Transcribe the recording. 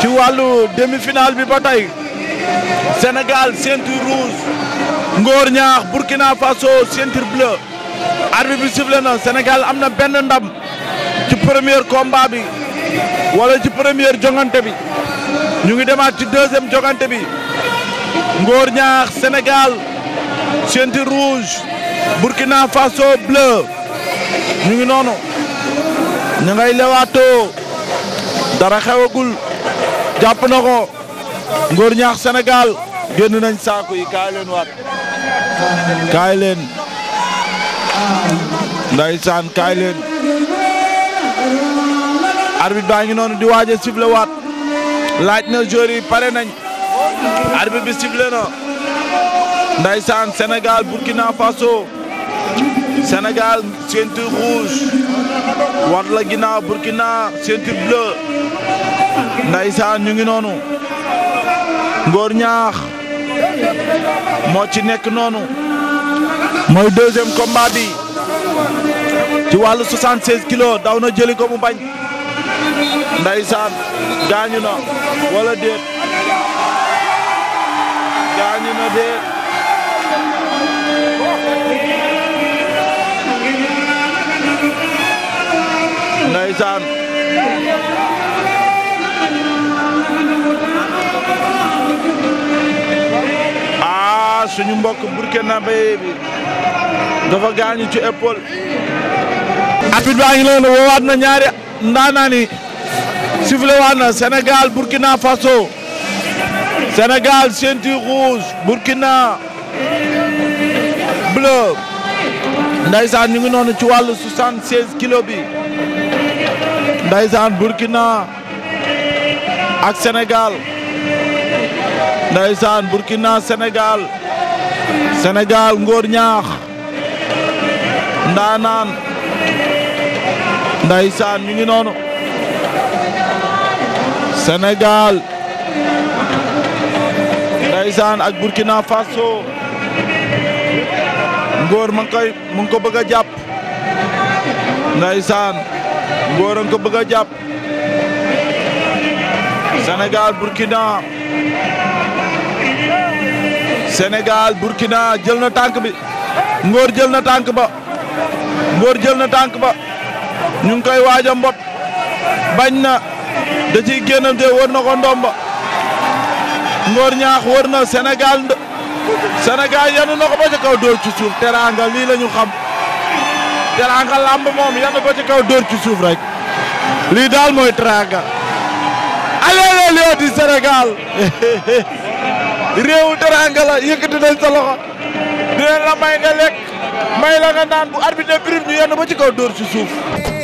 ci wàllu demi-finale bi ba tey Sénégal ceinture rouge Ñaax Burkina Faso ceinture bleue arbitre bi sifflé na Sénégal am na benn ndam ci premier combat bi wala ci première jongante bi ñu ngi demaat ci deuxième jongante bi Ngor Ñaax Sénégal ceinture rouge Burkina Faso bleu ñu ngi noonu ñu ngay lewaatoo dara xewagul jàpp na ko ngóor ñaax Sénégal génn nañ saako yi kaay leen waat kaay leen ndeysaan kaay leen arbitre baa ngi noonu di waaj a waat laaj na joueur pare nañ arbitre bi sifflé na ndeysaan Sénégal Burkina Faso Sénégal ceinture rouge war la ginnaaw Burkina ceinture bleu ndaysaan ñu ngi noonu Ngor Ñaax moo ci nekk noonu mooy deuxième combat bi ci wàllu 76 kilos daw na jëli ko mu bañ ndaysaan gaañu na walla déet gaañu na déet ndaysaan suñu mbokk burkinabé bi dafa gaañu ci épaule. arbitre baa ngi leen woowaat na ñaari ndaanaan yi sifflé waat na Sénégal Burkina Faso senegal ceinture rouge Burkina bleu ndaysaan ñu ngi noonu ci wàllu 76 kilos bi ndaysaan Burkina ak Sénégal ndaysaan Burkina Sénégal Sénégal ngóor ñaax ndaanaan ndaysaan mi ngi noonu Sénégal ndaysaan ak Burkina Faso ngóor ma ngi mu ngi ko bëgg a jàpp ndaysaan ngóor a ngi ko bëgg a jàpp Sénégal Burkina Sénégal Burkina jël na tànk bi Ngor jël na tànk ba Ngor jël na tànk ba ñu ngi koy waaj a mbot bañ na da ciy génnante wër na ko ndomba Ngor ñaax wër na Sénégal Sénégal yanu na ko ba ci kaw dóor ci suuf teraanga lii lañu ñu xam teraanga làmb moom yanu ba ci kaw dóor ci suuf rek lii daal mooy teraanga allez les lions du Sénégal réewu teranga la yëkkati nañ sa loxo dinañ la may nga lekk may la nga naan bu arbitre prime ñu yenn ba ci kaw dóor ci suuf